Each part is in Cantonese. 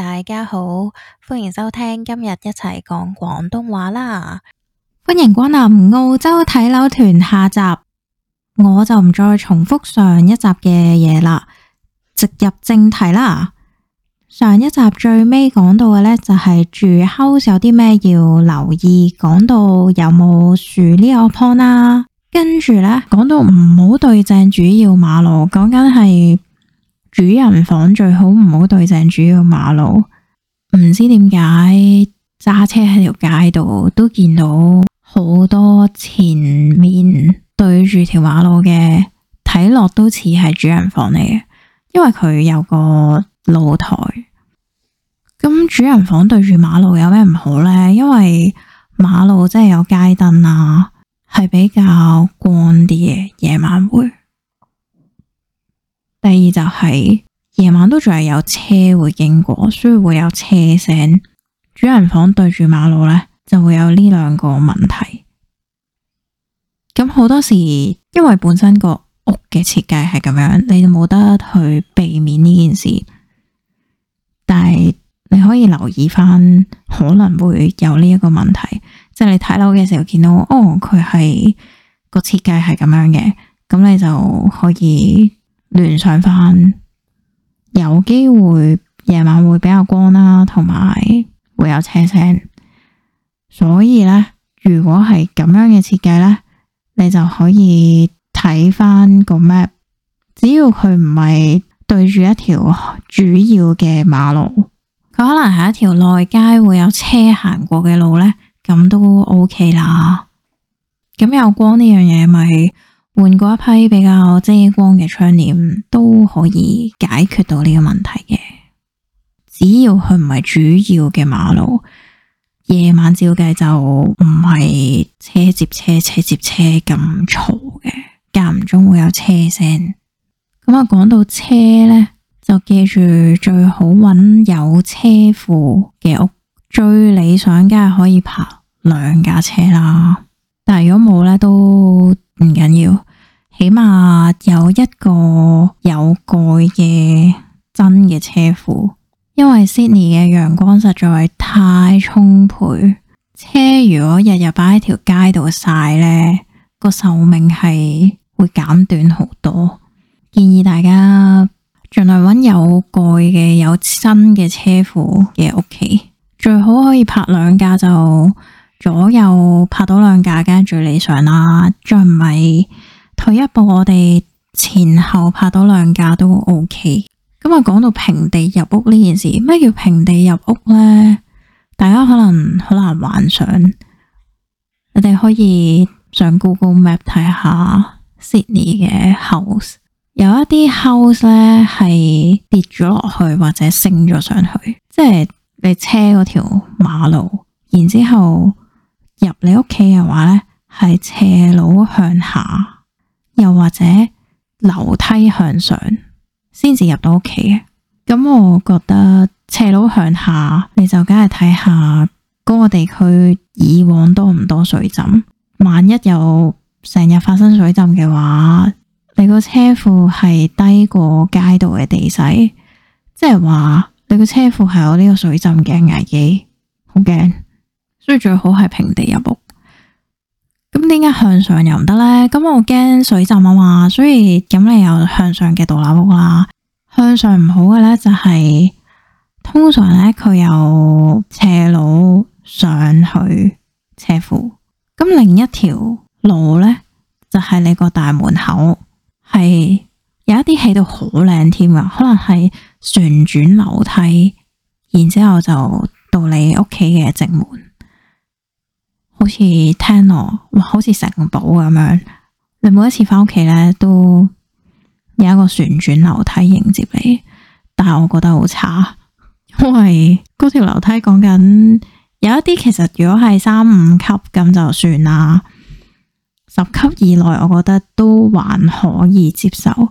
大家好，歡迎收聽今日一齊講廣東話啦！歡迎光臨澳洲睇樓團下集，我就唔再重複上一集嘅嘢啦，直入正題啦。上一集最尾講到嘅呢，就係住 house 有啲咩要留意，講到有冇樹呢個 point 啦，跟住呢，講到唔好對正主要馬路，講緊係。主人房最好唔好對正住個馬路，唔知點解揸車喺條街度都見到好多前面對住條馬路嘅，睇落都似係主人房嚟嘅，因為佢有個露台。咁主人房對住馬路有咩唔好呢？因為馬路真係有街燈呀，係比較光啲嘅夜晚會第二就係夜晚都仲係有車會經過，所以會有車聲。主人房對住馬路呢，就會有呢兩個問題。咁好多時因為本身個屋嘅設計係咁樣，你就冇得去避免呢件事。但係你可以留意翻，可能會有呢一個問題，即係你睇樓嘅時候見到哦，佢係個設計係咁樣嘅，咁你就可以。聯想翻，有機會夜晚會比較光啦，同埋會有車聲。所以咧，如果係咁樣嘅設計咧，你就可以睇翻個 map。只要佢唔係對住一條主要嘅馬路，佢 可能係一條內街會有車行過嘅路咧，咁都 OK 啦。咁有光呢樣嘢咪？換過一批比較遮光嘅窗簾都可以解決到呢個問題嘅，只要佢唔係主要嘅馬路，夜晚照計就唔係車接車車接車咁嘈嘅，間唔中會有車聲。咁啊，講到車呢，就記住最好揾有車庫嘅屋，最理想梗係可以泊兩架車啦。但係如果冇呢，都。n 悉尼嘅陽光實在太充沛，車如果日日擺喺條街度曬，呢個壽命係會減短好多。建議大家盡量揾有蓋嘅，有新嘅車庫嘅屋企，最好可以拍兩架就左右拍到兩架，梗係最理想啦。再唔係退一步，我哋前後拍到兩架都 OK。咁啊，講到平地入屋呢件事，咩叫平地入屋呢？大家可能好難幻想，你哋可以上 Google Map 睇下 Sydney 嘅 house，有一啲 house 咧係跌咗落去，或者升咗上去，即係你車嗰條馬路，然之後入你屋企嘅話咧，係斜路向下，又或者樓梯向上。先至入到屋企嘅，咁我覺得斜路向下，你就梗係睇下嗰個地區以往多唔多水浸。萬一有成日發生水浸嘅話，你個車庫係低過街道嘅地勢，即係話你個車庫係有呢個水浸嘅危機，好驚，所以最好係平地入屋。咁點解向上又唔得呢？咁我驚水浸啊嘛，所以咁你有向上嘅獨立屋啦。向上唔好嘅呢、就是，就係通常呢，佢有斜路上去車庫。咁另一條路呢，就係、是、你個大門口係有一啲起到好靚添啊，可能係旋轉樓梯，然之後就到你屋企嘅正門。好似聽落好似城堡咁樣。你每一次翻屋企咧，都有一個旋轉樓梯迎接你。但係我覺得好差，因為嗰條樓梯講緊有一啲。其實如果係三五級咁就算啦，十級以內我覺得都還可以接受。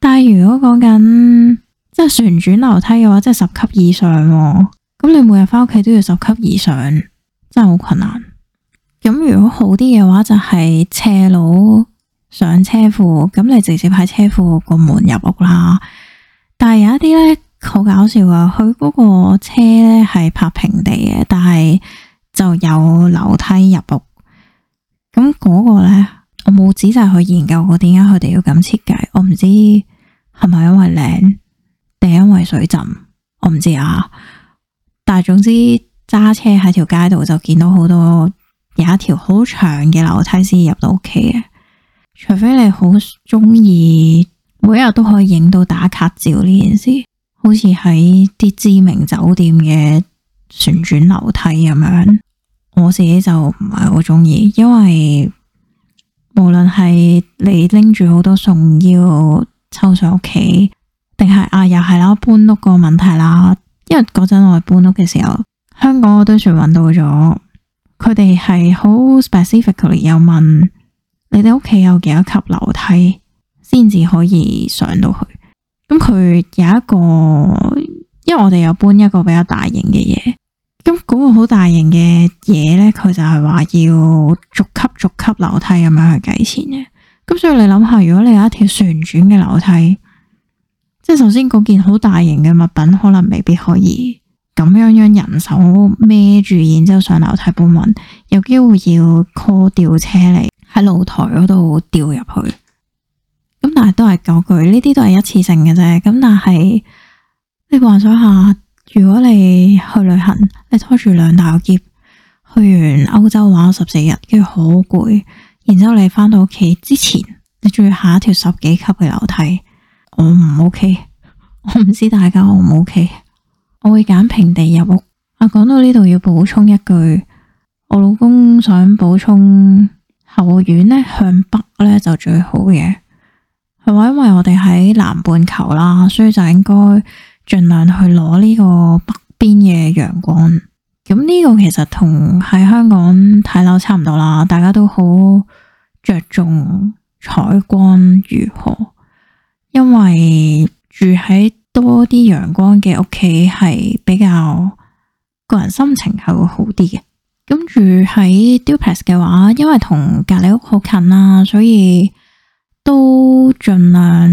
但係如果講緊即係旋轉樓梯嘅話，即係十級以上，啊，咁你每日翻屋企都要十級以上，真係好困難。咁如果好啲嘅話，就係、是、斜路上車庫，咁你直接喺車庫個門入屋啦。但係有一啲呢，好搞笑啊！佢嗰個車呢，係泊平地嘅，但係就有樓梯入屋。咁嗰個呢，我冇仔細去研究過點解佢哋要咁設計，我唔知係咪因為靚，定係因為水浸，我唔知啊。但係總之揸車喺條街度就見到好多。有一條好長嘅樓梯先入到屋企嘅，除非你好中意，每一日都可以影到打卡照呢件事，好似喺啲知名酒店嘅旋轉樓梯咁樣。我自己就唔係好中意，因為無論係你拎住好多餸，要抽上屋企，定係啊又係啦搬屋個問題啦。因為嗰陣我搬屋嘅時候，香港我都算揾到咗。佢哋係好 specifically 有問你哋屋企有幾多級樓梯先至可以上到去？咁佢有一個，因為我哋有搬一個比較大型嘅嘢，咁、那、嗰個好大型嘅嘢呢，佢就係話要逐級逐級樓梯咁樣去計錢嘅。咁所以你諗下，如果你有一條旋轉嘅樓梯，即係首先嗰件好大型嘅物品，可能未必可以。咁樣樣人手孭住，然之後上樓梯搬運，有機會要 call 吊車嚟喺露台嗰度吊入去。咁但係都係嗰句，呢啲都係一次性嘅啫。咁但係你幻想下，如果你去旅行，你拖住兩大篋去完歐洲玩咗十四日，跟住好攰，然之後，後你翻到屋企之前，你仲要下一條十幾級嘅樓梯，我唔 OK，我唔知大家 O 唔 OK。我會揀平地入屋。啊，講到呢度要補充一句，我老公想補充後院呢，向北呢就最好嘅，係話因為我哋喺南半球啦，所以就應該盡量去攞呢個北邊嘅陽光。咁呢個其實同喺香港睇樓差唔多啦，大家都好着重採光如何，因為住喺。多啲陽光嘅屋企係比較個人心情係會好啲嘅。咁住喺 Duplex 嘅話，因為同隔籬屋好近啦，所以都盡量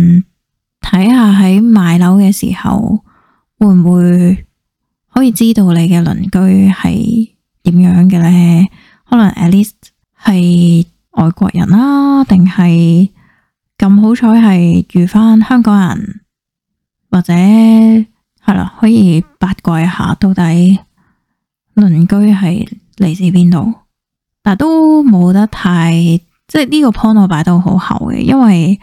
睇下喺買樓嘅時候會唔會可以知道你嘅鄰居係點樣嘅咧？可能 at least 係外國人啦，定係咁好彩係遇翻香港人。或者係啦，可以八卦一下到底鄰居係嚟自邊度，但都冇得太，即係呢個 point 我擺到好厚嘅，因為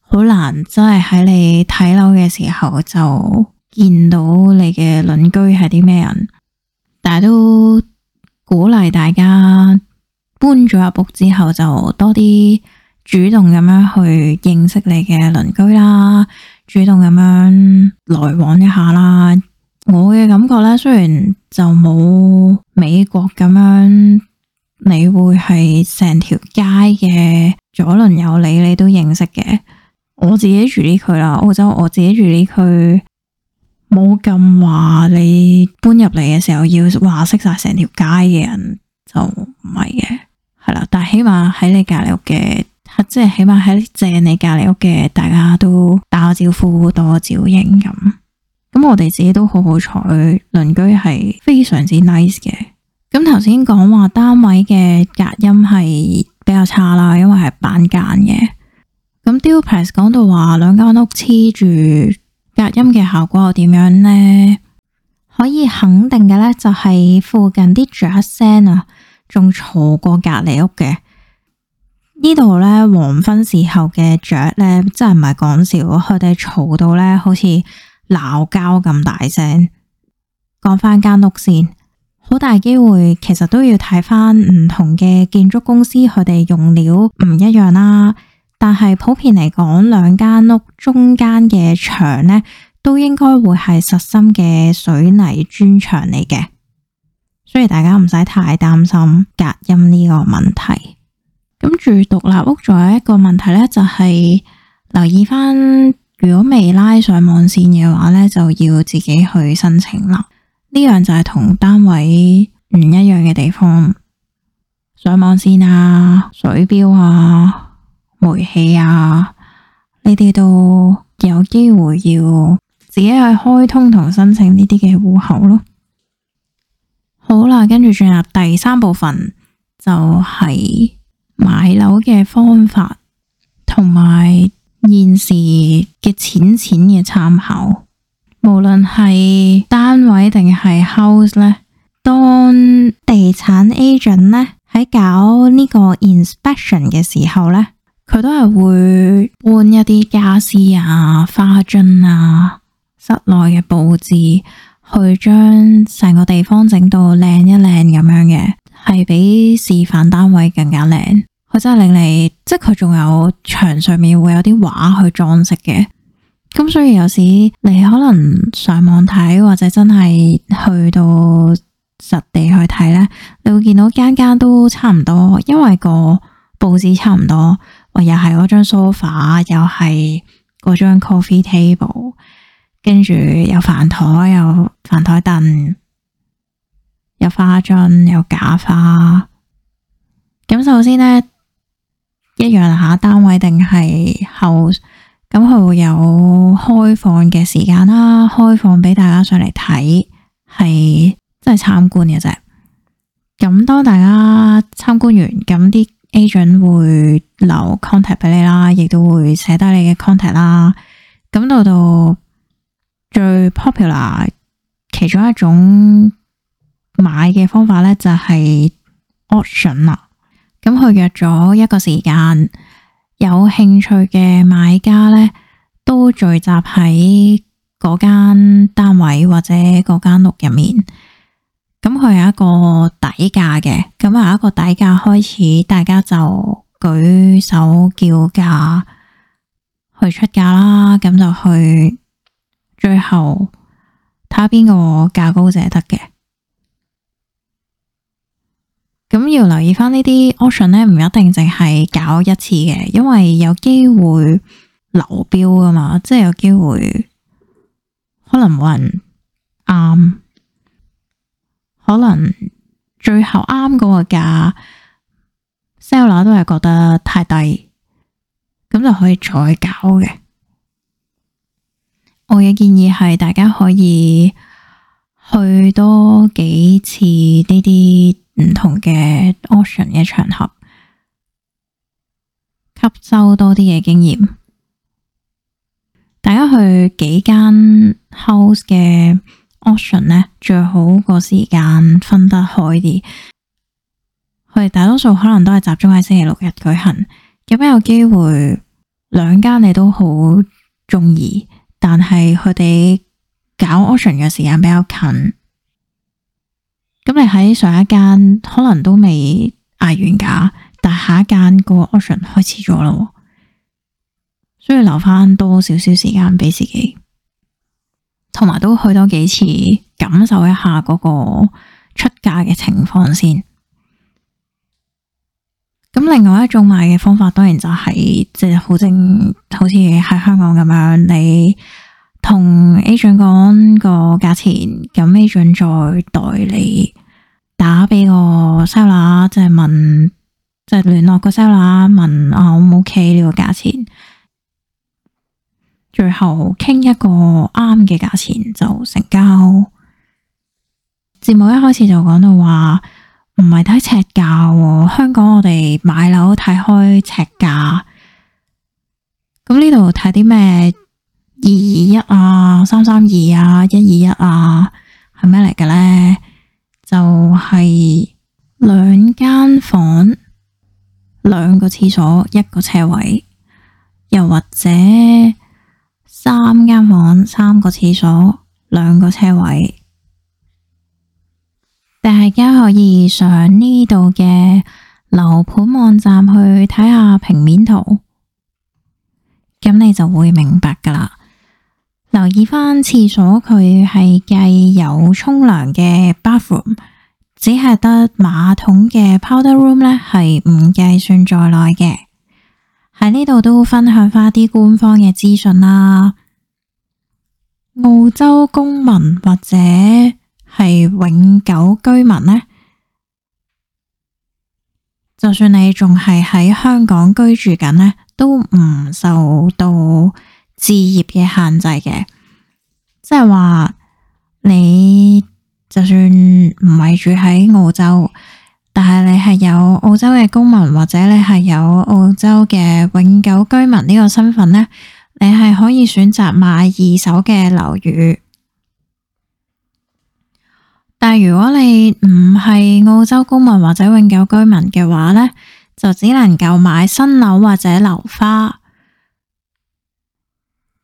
好難真係喺你睇樓嘅時候就見到你嘅鄰居係啲咩人，但係都鼓勵大家搬咗入屋之後就多啲主動咁樣去認識你嘅鄰居啦。主動咁樣來往一下啦，我嘅感覺咧，雖然就冇美國咁樣，你會係成條街嘅左鄰右里你都認識嘅，我自己住呢區啦，澳洲我自己住呢區，冇咁話你搬入嚟嘅時候要話識晒成條街嘅人，就唔係嘅，係啦，但係起碼喺你隔籬屋嘅。即係起碼喺借你隔籬屋嘅，大家都打招呼，多個照應咁。咁我哋自己都好好彩，鄰居係非常之 nice 嘅。咁頭先講話單位嘅隔音係比較差啦，因為係板間嘅。咁 duplex 講到話兩間屋黐住隔音嘅效果又點樣呢？可以肯定嘅呢，就係附近啲雀聲啊，仲嘈過隔籬屋嘅。呢度咧黃昏時候嘅雀咧，真係唔係講笑，佢哋嘈到咧，好似鬧交咁大聲。講翻間屋先，好大機會其實都要睇翻唔同嘅建築公司，佢哋用料唔一樣啦。但係普遍嚟講，兩間屋中間嘅牆呢，都應該會係實心嘅水泥磚牆嚟嘅，所以大家唔使太擔心隔音呢個問題。跟住獨立屋，仲有一個問題呢，就係、是、留意返，如果未拉上網線嘅話呢，就要自己去申請啦。呢樣就係同單位唔一樣嘅地方，上網線啊、水錶啊、煤氣啊，呢啲都有機會要自己去開通同申請呢啲嘅戶口咯。好啦，跟住進入第三部分，就係、是。買樓嘅方法，同埋現時嘅淺淺嘅參考，無論係單位定係 house 咧，當地產 agent 咧喺搞呢個 inspection 嘅時候咧，佢都係會換一啲家私啊、花樽啊、室內嘅布置，去將成個地方整到靚一靚咁樣嘅。比示範單位更加靚，佢真係令你，即係佢仲有牆上面會有啲畫去裝飾嘅，咁所以有時你可能上網睇或者真係去到實地去睇呢，你會見到間間都差唔多，因為個佈置差唔多，又係嗰張 sofa，又係嗰張 coffee table，跟住有飯檯，有飯檯凳。有花樽，有假花。咁首先呢，一樣下單位定係後，咁佢會有開放嘅時間啦。開放俾大家上嚟睇，係真係參觀嘅啫。咁當大家參觀完，咁啲 agent 會留 contact 俾你啦，亦都會寫低你嘅 contact 啦。咁到到最 popular 其中一種。買嘅方法咧，就係 auction 啦。咁佢約咗一個時間，有興趣嘅買家咧，都聚集喺嗰間單位或者嗰間屋入面。咁佢有一個底價嘅，咁啊一個底價開始，大家就舉手叫價去出價啦。咁就去最後睇下邊個價高者得嘅。咁要留意翻呢啲 auction 咧，唔一定淨係搞一次嘅，因為有機會流標噶嘛，即係有機會可能冇人啱，可能最後啱嗰個價 seller 都係覺得太低，咁就可以再搞嘅。我嘅建議係大家可以去多幾次呢啲。唔同嘅 auction 嘅場合，吸收多啲嘅經驗。大家去幾間 house 嘅 auction 咧，最好個時間分得開啲。佢哋大多數可能都係集中喺星期六日舉行。咁有機會兩間你都好鍾意，但係佢哋搞 auction 嘅時間比較近。咁你喺上一間可能都未挨完價，但下一間個 option 開始咗啦，需要留翻多少少時間俾自己，同埋都去多幾次感受一下嗰個出價嘅情況先。咁另外一種賣嘅方法，當然就係即係好正，好似喺香港咁樣你，同 agent 講個價錢，咁 agent 再代理打俾個 seller，即係問，即係聯絡個 seller 問啊，好唔 OK 呢個價錢，最後傾一個啱嘅價錢就成交。節目一開始就講到話，唔係睇尺價，香港我哋買樓睇開尺價，咁呢度睇啲咩？二二一啊，三三二啊，一二一啊，係咩嚟嘅咧？就係兩間房，兩個廁所，一個車位，又或者三間房，三個廁所，兩個車位。大家可以上呢度嘅樓盤網站去睇下平面圖，咁你就會明白噶啦。留意返廁所，佢係計有沖涼嘅 bathroom，只係得馬桶嘅 powder room 咧，係唔計算在內嘅。喺呢度都分享翻啲官方嘅資訊啦。澳洲公民或者係永久居民呢，就算你仲係喺香港居住緊呢，都唔受到置業嘅限制嘅，即係話你就算唔係住喺澳洲，但係你係有澳洲嘅公民或者你係有澳洲嘅永久居民呢個身份咧，你係可以選擇買二手嘅樓宇。但係如果你唔係澳洲公民或者永久居民嘅話咧，就只能夠買新樓或者樓花。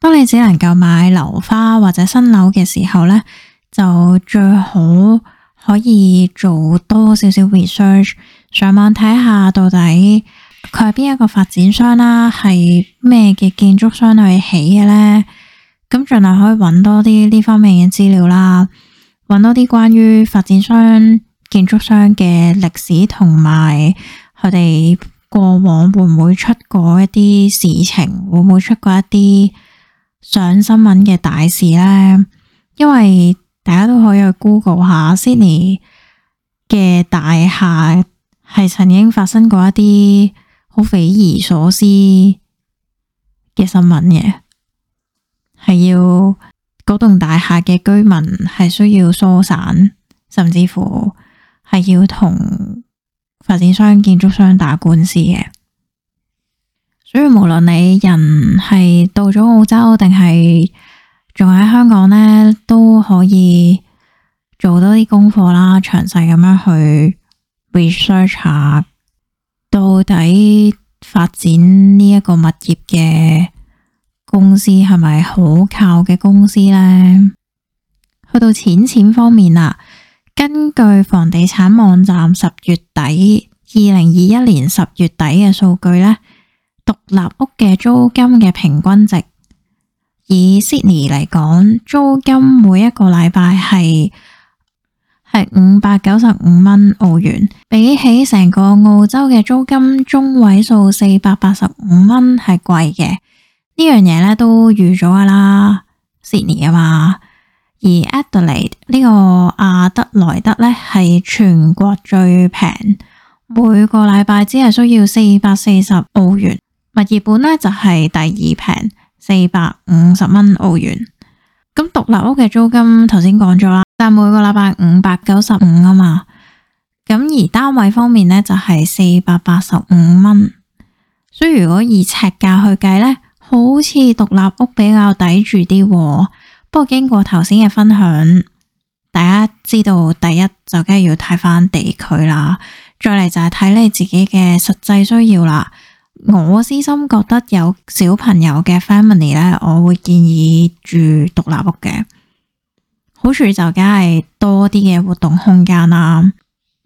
當你只能夠買樓花或者新樓嘅時候呢，就最好可以做多少少 research，上網睇下到底佢係邊一個發展商啦，係咩嘅建築商去起嘅呢。咁盡量可以揾多啲呢方面嘅資料啦，揾多啲關於發展商、建築商嘅歷史，同埋佢哋過往會唔會出過一啲事情，會唔會出過一啲上新聞嘅大事咧，因為大家都可以去 Google 下 Sydney 嘅大廈，係曾經發生過一啲好匪夷所思嘅新聞嘅，係要嗰棟大廈嘅居民係需要疏散，甚至乎係要同發展商、建築商打官司嘅。所以，無論你人係到咗澳洲定係仲喺香港呢，都可以做多啲功課啦，詳細咁樣去 research 下，到底發展呢一個物業嘅公司係咪可靠嘅公司呢？去到錢錢方面啦，根據房地產網站十月底二零二一年十月底嘅數據呢。獨立屋嘅租金嘅平均值，以 Sydney 嚟講，租金每一個禮拜係係五百九十五蚊澳元，比起成個澳洲嘅租金中位數四百八十五蚊係貴嘅呢樣嘢咧，都預咗噶啦 Sydney 啊嘛。而 Adelaide 呢個阿德萊德咧係全國最平，每個禮拜只係需要四百四十澳元。物業本咧就係第二平，四百五十蚊澳元。咁獨立屋嘅租金頭先講咗啦，但每個禮拜五百九十五啊嘛。咁而單位方面咧就係四百八十五蚊，所以如果以尺價去計咧，好似獨立屋比較抵住啲。不過經過頭先嘅分享，大家知道第一就梗係要睇翻地區啦，再嚟就係睇你自己嘅實際需要啦。我私心覺得有小朋友嘅 family 咧，我會建議住獨立屋嘅，好處就梗係多啲嘅活動空間啦。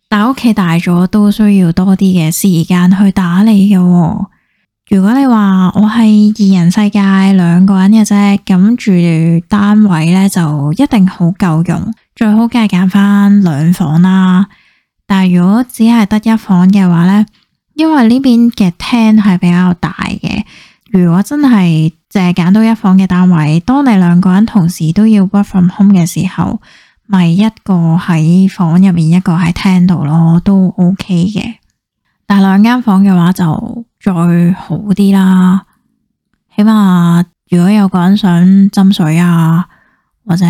但屋企大咗，都需要多啲嘅時間去打理嘅。如果你話我係二人世界，兩個人嘅啫，咁住單位咧就一定好夠用。最好梗係揀翻兩房啦。但係如果只係得一房嘅話咧。因為呢邊嘅廳係比較大嘅，如果真係淨係揀到一房嘅單位，當你兩個人同時都要 work from home 嘅時候，咪一個喺房入面，一個喺廳度咯，都 OK 嘅。但係兩間房嘅話就再好啲啦，起碼如果有個人想斟水啊，或者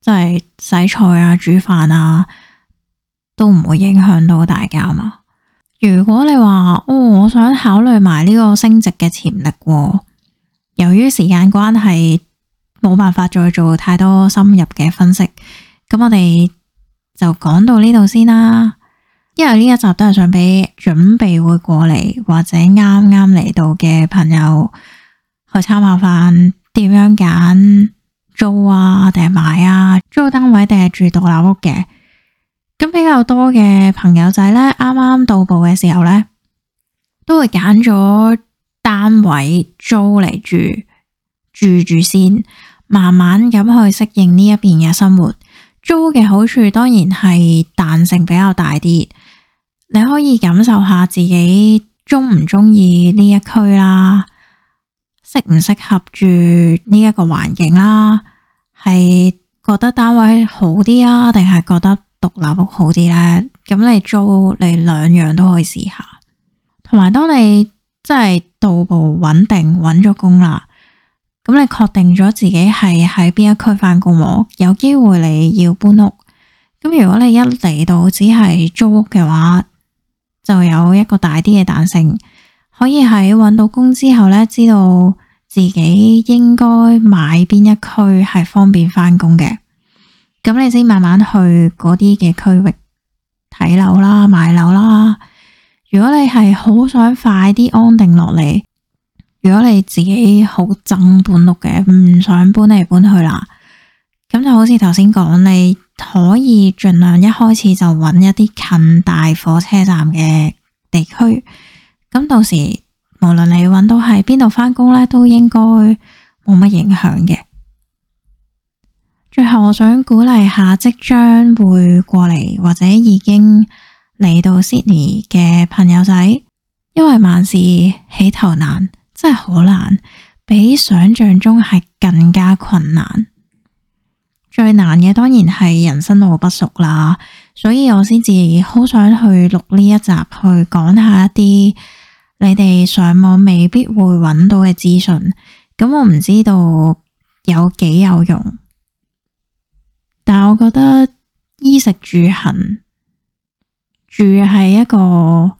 即係洗菜啊、煮飯啊，都唔會影響到大家嘛。如果你話哦，我想考慮埋呢個升值嘅潛力。由於時間關係，冇辦法再做太多深入嘅分析。咁我哋就講到呢度先啦。因為呢一集都係想俾準備會過嚟或者啱啱嚟到嘅朋友去參考吓，點樣揀租啊定係買啊？租單位定係住獨立屋嘅？咁比較多嘅朋友仔咧，啱啱到步嘅時候咧，都會揀咗單位租嚟住，住住先，慢慢咁去適應呢一邊嘅生活。租嘅好處當然係彈性比較大啲，你可以感受下自己中唔中意呢一區啦，適唔適合住呢一個環境啦，係覺得單位好啲啊，定係覺得。獨立屋好啲咧，咁你租你兩樣都可以試下。同埋，當你真係到步穩定揾咗工啦，咁你確定咗自己係喺邊一區翻工喎，有機會你要搬屋。咁如果你一嚟到只係租屋嘅話，就有一個大啲嘅彈性，可以喺揾到工之後咧，知道自己應該買邊一區係方便翻工嘅。咁你先慢慢去嗰啲嘅區域睇樓啦、買樓啦。如果你係好想快啲安定落嚟，如果你自己好憎搬屋嘅，唔想搬嚟搬去啦，咁就好似頭先講，你可以盡量一開始就揾一啲近大火車站嘅地區。咁到時無論你揾到喺邊度返工呢，都應該冇乜影響嘅。最後我想鼓勵下即將會過嚟，或者已經嚟到 Sydney 嘅朋友仔，因為萬事起頭難，真係好難，比想象中係更加困難。最難嘅當然係人生路不熟啦，所以我先至好想去錄呢一集，去講下一啲你哋上網未必會揾到嘅資訊。咁我唔知道有幾有用。但我覺得衣食住行，住係一個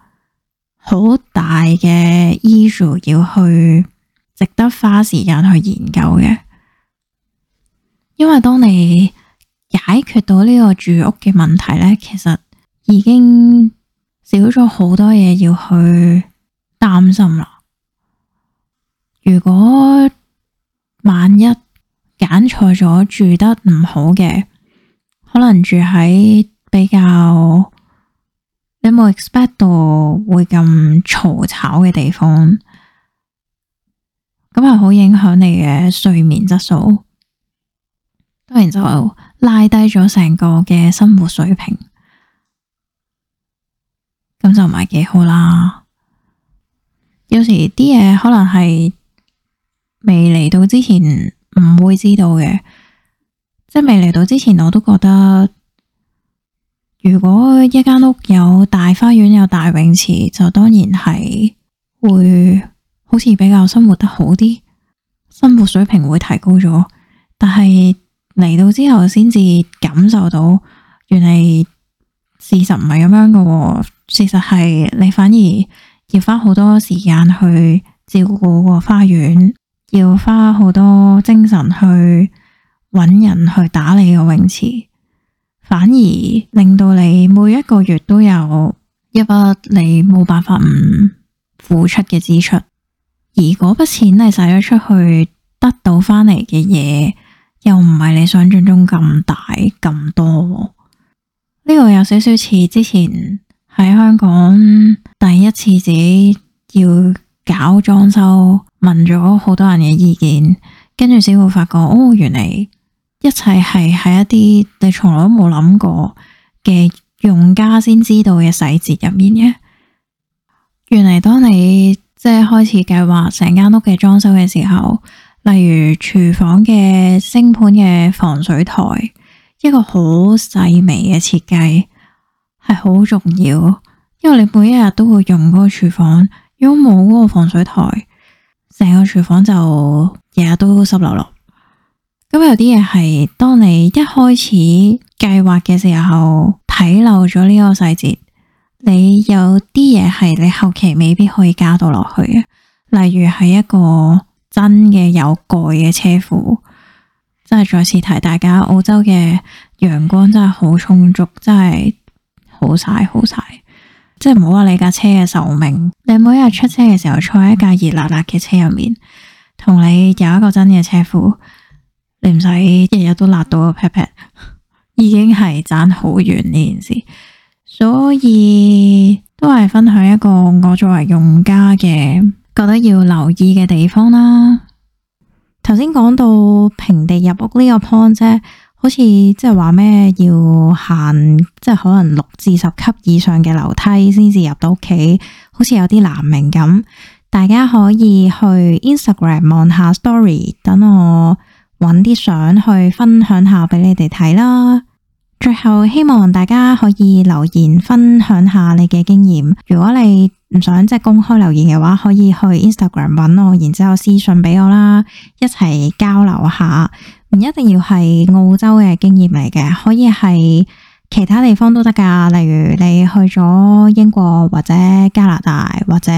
好大嘅 issue，要去值得花時間去研究嘅。因為當你解決到呢個住屋嘅問題咧，其實已經少咗好多嘢要去擔心啦。如果萬一揀錯咗住得唔好嘅，可能住喺比較你冇 expect 到會咁嘈吵嘅地方，咁係好影響你嘅睡眠質素，當然就拉低咗成個嘅生活水平，咁就唔係幾好啦。有時啲嘢可能係未嚟到之前唔會知道嘅。即未嚟到之前，我都覺得如果一間屋有大花園、有大泳池，就當然係會好似比較生活得好啲，生活水平會提高咗。但係嚟到之後，先至感受到原來事實唔係咁樣㗎。事實係你反而要花好多時間去照顧個花園，要花好多精神去。搵人去打理個泳池，反而令到你每一個月都有一筆你冇辦法唔付出嘅支出。而嗰筆錢係使咗出去，得到返嚟嘅嘢又唔係你想象中咁大咁多。呢個有少少似之前喺香港第一次自己要搞裝修，問咗好多人嘅意見，跟住先會發覺哦，原來。一切係喺一啲你從來都冇諗過嘅用家先知道嘅細節入面嘅。原嚟當你即係開始計劃成間屋嘅裝修嘅時候，例如廚房嘅星盆嘅防水台，一個好細微嘅設計係好重要，因為你每一日都會用嗰個廚房，如果冇嗰個防水台，成個廚房就日日都濕立立。因為有啲嘢係，當你一開始計劃嘅時候睇漏咗呢個細節，你有啲嘢係你後期未必可以加到落去嘅。例如係一個真嘅有蓋嘅車庫，真係再次提大家，澳洲嘅陽光真係好充足，真係好曬好曬，即係唔好話你架車嘅壽命。你每一日出車嘅時候，坐喺一架熱辣辣嘅車入面，同你有一個真嘅車庫。你唔使日日都辣到 pat pat，已經係賺好遠呢件事，所以都係分享一個我作為用家嘅覺得要留意嘅地方啦。頭先講到平地入屋呢個 point 啫，好似即係話咩要行，即係可能六至十級以上嘅樓梯先至入到屋企，好似有啲難明咁。大家可以去 Instagram 望下 story，等我。搵啲相去分享下俾你哋睇啦。最後希望大家可以留言分享下你嘅經驗。如果你唔想即係公開留言嘅話，可以去 Instagram 搵我，然之後私信俾我啦，一齊交流下。唔一定要係澳洲嘅經驗嚟嘅，可以係其他地方都得噶。例如你去咗英國或者加拿大或者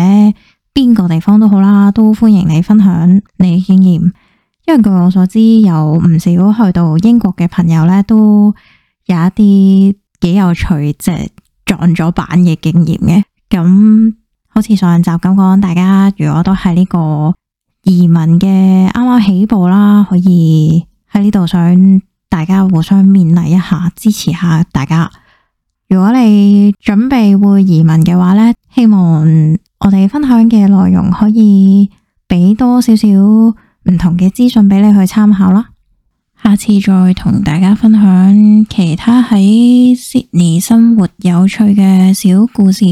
邊個地方都好啦，都歡迎你分享你嘅經驗。因為據我所知，有唔少去到英國嘅朋友呢，都有一啲幾有趣，即係撞咗板嘅經驗嘅。咁好似上集咁講，大家如果都係呢個移民嘅啱啱起步啦，可以喺呢度想大家互相勉勵一下，支持下大家。如果你準備會移民嘅話呢，希望我哋分享嘅內容可以俾多少少，唔同嘅資訊俾你去參考啦，下次再同大家分享其他喺悉尼生活有趣嘅小故事，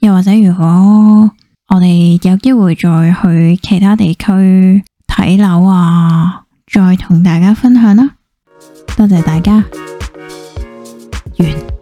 又或者如果我哋有機會再去其他地區睇樓啊，再同大家分享啦。多謝大家。完。